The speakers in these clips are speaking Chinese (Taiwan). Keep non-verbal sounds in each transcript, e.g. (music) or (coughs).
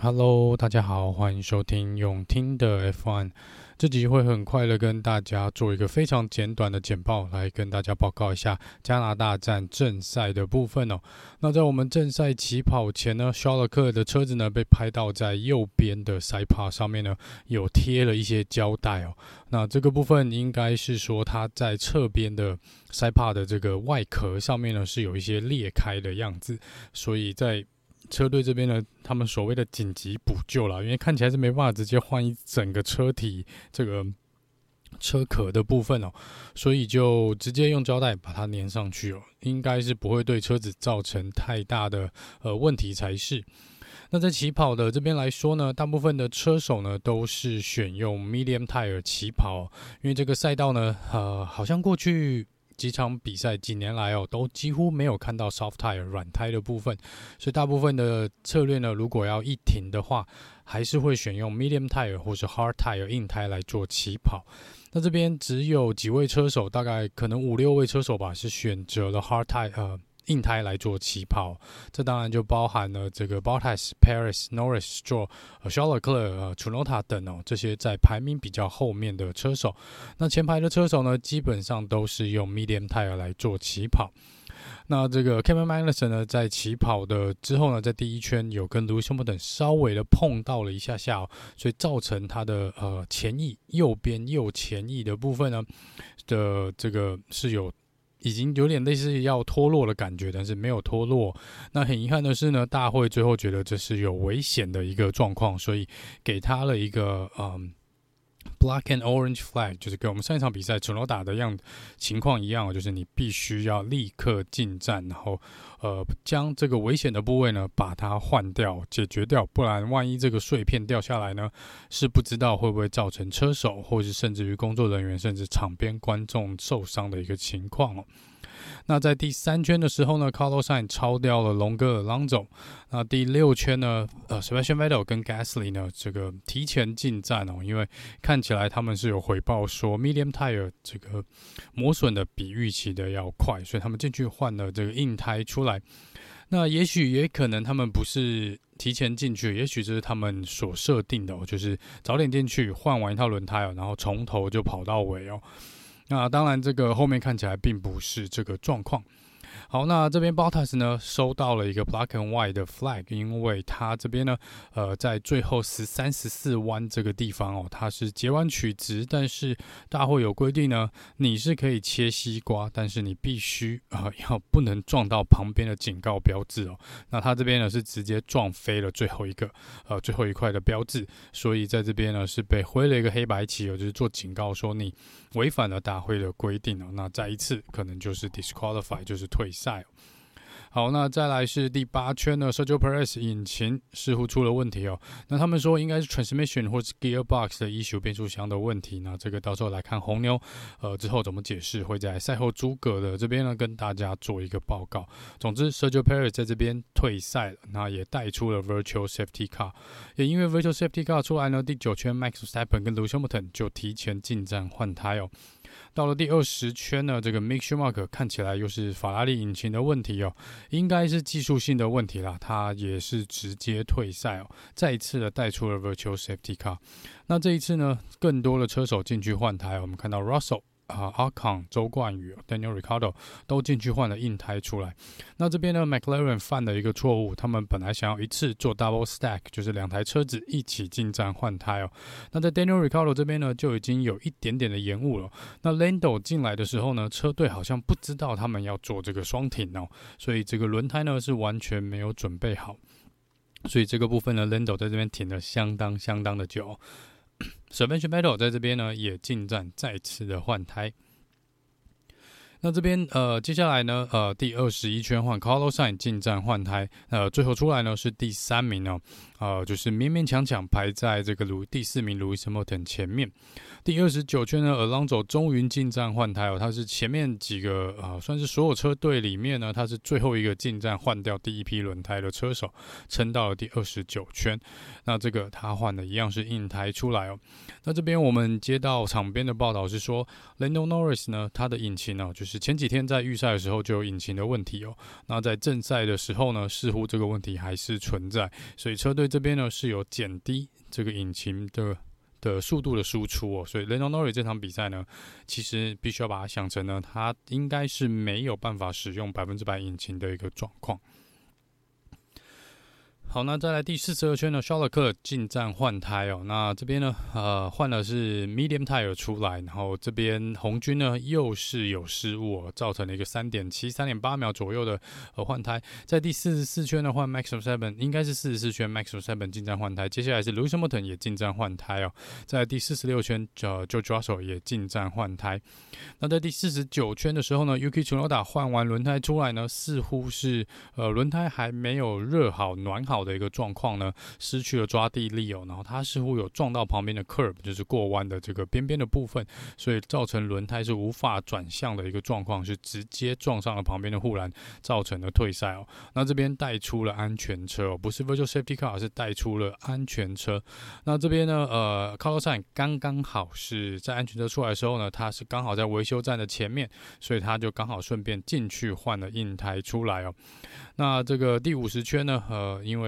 Hello，大家好，歡迎收聽用聽的 F1。這集會很快的跟大家做一個非常簡短的簡報，來跟大家報告一下加拿大站正賽的部分哦。那在我們正賽起跑前呢，肖勒克的車子呢被拍到在右邊的 sidepod 上面呢有貼了一些膠帶哦。那這個部分應該是說它在側邊的 sidepod 的這個外殼上面呢是有一些裂開的樣子，所以在，車隊這邊呢，他們所謂的緊急補救了，因為看起來是沒辦法直接換一整個車體這個車殼的部分哦、喔，所以就直接用膠帶把它粘上去哦、喔，應該是不會對車子造成太大的呃問題才是。那在起跑的這邊來說呢，大部分的車手呢都是選用 medium tire 起跑，因為這個賽道呢，呃，好像過去。幾場比賽幾年來哦，都幾乎沒有看到 soft tire 軟胎的部分，所以大部分的策略呢，如果要一停的話，還是會選用 medium tire 或是 hard tire 硬胎來做起跑。那這邊只有幾位車手，大概可能五六位車手吧，是選擇了 hard tire 呃。硬胎來做起跑，這當然就包含了這個 Bottas、Perez Norris、Stroll、Schumacher、Tsunoda 等哦，這些在排名比較後面的車手。那前排的車手呢，基本上都是用 medium 胎來做起跑。那這個 Kevin Magnussen 呢，在起跑的之後呢，在第一圈有跟 Lewis Hamilton 等稍微的碰到了一下下，哦，所以造成他的呃前翼右邊右前翼的部分呢的、呃、這個是有。已經有點類似於要脫落的感覺，但是沒有脫落。那很遺憾的是呢，大會最後覺得這是有危險的一個狀況，所以給他了一個嗯。Black and orange flag 就是跟我們上一場比賽純羅打的樣情況一樣，就是你必須要立刻進站，然後呃將這個危險的部位呢，把它換掉、解決掉，不然萬一這個碎片掉下來呢，是不知道會不會造成車手，或是甚至於工作人員，甚至場邊觀眾受傷的一個情況哦。那在第三圈的時候呢 Carlos Sainz 超掉了龍哥的 Lando。那第六圈呢，呃，Sebastian Vettel 跟 Gasly 呢，這個提前進站哦，因為看起來他們是有回報說 Medium Tire 這個磨損的比預期的要快，所以他們進去換了這個硬胎出來。那也許也可能他們不是提前進去，也許這是他們所設定的哦、喔，就是早點進去換完一套輪胎哦、喔，然後從頭就跑到尾哦、喔。那、啊、當然，這個後面看起來並不是這個狀況。好，那這邊 Bottas 呢收到了一個 Black and White 的 flag，因為它這邊呢，呃，在最後十三十四彎這個地方哦，它是截彎取直，但是大會有規定呢，你是可以切西瓜，但是你必須啊、呃、要不能撞到旁邊的警告標誌哦。那他這邊呢是直接撞飛了最後一個呃最後一塊的標誌，所以在這邊呢是被揮了一個黑白旗，就是做警告說你違反了大會的規定哦。那再一次可能就是 disqualify，就是退。比賽好，那再來是第八圈呢，Sergio Perez 引擎似乎出了問題哦。那他們說應該是 transmission 或是 gearbox 的 issue 變速箱的問題呢。那這個到時候來看紅牛呃之後怎麼解釋，會在賽後諸葛的這邊呢跟大家做一個報告。總之，Sergio Perez 在這邊退賽那也帶出了 Virtual Safety Car，也因為 Virtual Safety Car 出來呢，第九圈 Max Verstappen 跟 Lewis Hamilton 就提前進站換胎哦。到了第二十圈呢，這個 Mixer Mark 看起來又是法拉利引擎的問題哦，應該是技術性的問題啦。他也是直接退賽哦，再一次的帶出了 Virtual Safety Car。那這一次呢，更多的車手進去換台，我們看到 Russell。啊，阿康、uh, 周冠宇 Daniel Ricciardo 都進去換了硬胎出來。那這邊呢，McLaren 犯了一個錯誤，他們本來想要一次做 double stack，就是兩台車子一起進站換胎哦。那在 Daniel Ricciardo 這邊呢，就已經有一點點的延誤了。那 Lando 進來的時候呢，車隊好像不知道他們要做這個雙停哦，所以這個輪胎呢是完全沒有準備好，所以這個部分呢，Lando 在這邊停了相當相當的久哦。 (coughs) Sebastian Vettel 在這邊呢也進站再次的換胎。那這邊呃接下來呢呃第二十一圈換 Carlos Sainz 進站換胎，呃最後出來呢是第三名哦、喔。啊、呃，就是勉勉強強排在這個盧第四名，Lewis Hamilton 前面。第二十九圈呢，Alonso 終於進站換胎哦。他是前面幾個啊，算是所有車隊裡面呢，他是最後一個進站換掉第一批輪胎的車手，撐到了第二十九圈。那這個他換的一樣是硬胎出來哦。那這邊我們接到場邊的報道是說，Lando Norris 呢，他的引擎呢、啊，就是前幾天在預賽的時候就有引擎的問題哦。那在正賽的時候呢，似乎這個問題還是存在，所以車隊。這邊呢，是有減低這個引擎的的速度的輸出哦，所以雷 e n 瑞 n n e 這場比賽呢，其實必須要把它想成呢，他應該是沒有辦法使用百分之百引擎的一個狀況。好，那再來第四十二圈呢 s h a 克進站換胎哦。那這邊呢，呃，換的是 Medium tire 出來。然後這邊紅軍呢，又是有失誤、哦，造成了一個三點七、三點八秒左右的呃換胎。在第四十四圈呢，換 m a x w e Seven，應該是四十四圈 m a x w e Seven 進站換胎。接下來是 l u c i m o t o n 也進站換胎哦。在第四十六圈，Jo j o 也進站換胎。那在第四十九圈的時候呢，UK t o y o a 換完輪胎出來呢，似乎是呃輪胎還沒有熱好、暖好，的一個狀況呢，失去了抓地力哦，然後他似乎有撞到旁邊的 curb，就是過彎的這個邊邊的部分，所以造成輪胎是無法轉向的一個狀況，是直接撞上了旁邊的護欄造成了退賽哦。那這邊帶出了安全車哦，不是 virtual safety car，是帶出了安全車。那這邊呢，呃，Carlos Sainz 剛剛好是在安全車出來的時候呢，他是剛好在維修站的前面，所以他就剛好順便進去換了硬胎出來哦。那這個第五十圈呢，呃，因為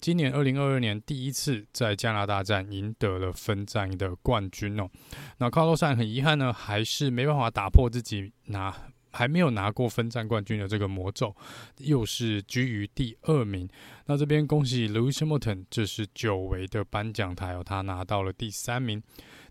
今年二零二二年第一次在加拿大站贏得了分站的冠軍哦、喔。那卡洛斯很遺憾呢，還是沒辦法打破自己拿還沒有拿過分站冠軍的這個魔咒，又是居於第二名。那這邊恭喜 Lewis Hamilton 這是久違的頒獎台、喔，他拿到了第三名。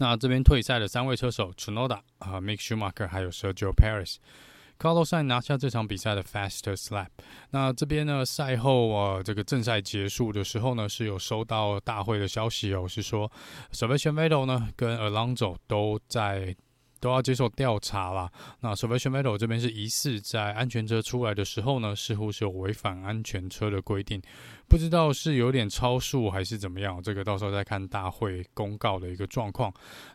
那這邊退賽的三位車手，Tsunoda、呃、啊，Mick Schumacher，還有 Sergio Perez，Carlos Sainz 拿下這場比賽的 Fastest Lap。那這邊呢，賽後啊、呃，這個正賽結束的時候呢，是有收到大會的消息哦、喔，是說 Sebastian Vettel 呢跟 Alonso 都在都要接受調查啦。那 Sebastian Vettel 這邊是疑似在安全車出來的時候呢，似乎是有違反安全車的規定。不知道是有點超速，還是怎麼樣，這個到時候再看大會公告的一個狀況。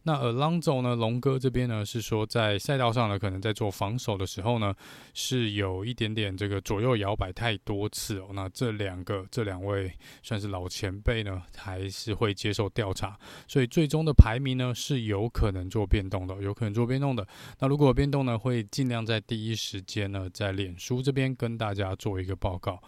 那阿隆索呢，龍哥這邊呢是說在賽道上呢，可能在做防守的時候呢，是有一點點這個左右搖擺太多次哦。那這兩個這兩位算是老前輩呢，還是會接受調查，所以最終的排名呢是有可能做變動的，有可能做變動的。那如果變動呢，會盡量在第一時間呢，在臉書這邊跟大家做一個報告。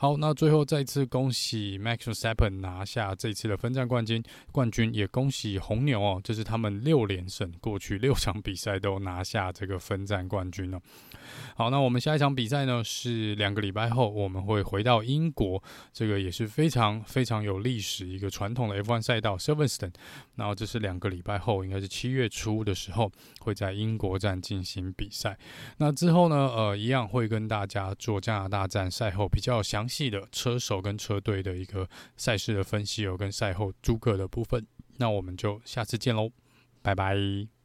好，那最後再次恭喜 Max Verstappen 拿下這次的分站冠軍，冠軍也恭喜紅牛哦，這是他們六連勝，過去六場比賽都拿下這個分站冠軍了，哦。好，那我們下一場比賽呢是兩個禮拜後，我們會回到英國，這個也是非常非常有歷史一個傳統的 F1 賽道 Silverstone，然後這是兩個禮拜後，應該是七月初的時候會在英國站進行比賽。那之後呢，呃，一樣會跟大家做加拿大站賽後比較詳。系的車手跟車隊的一個賽事的分析喔，有跟賽後諸葛的部分，那我們就下次見嘍，拜拜。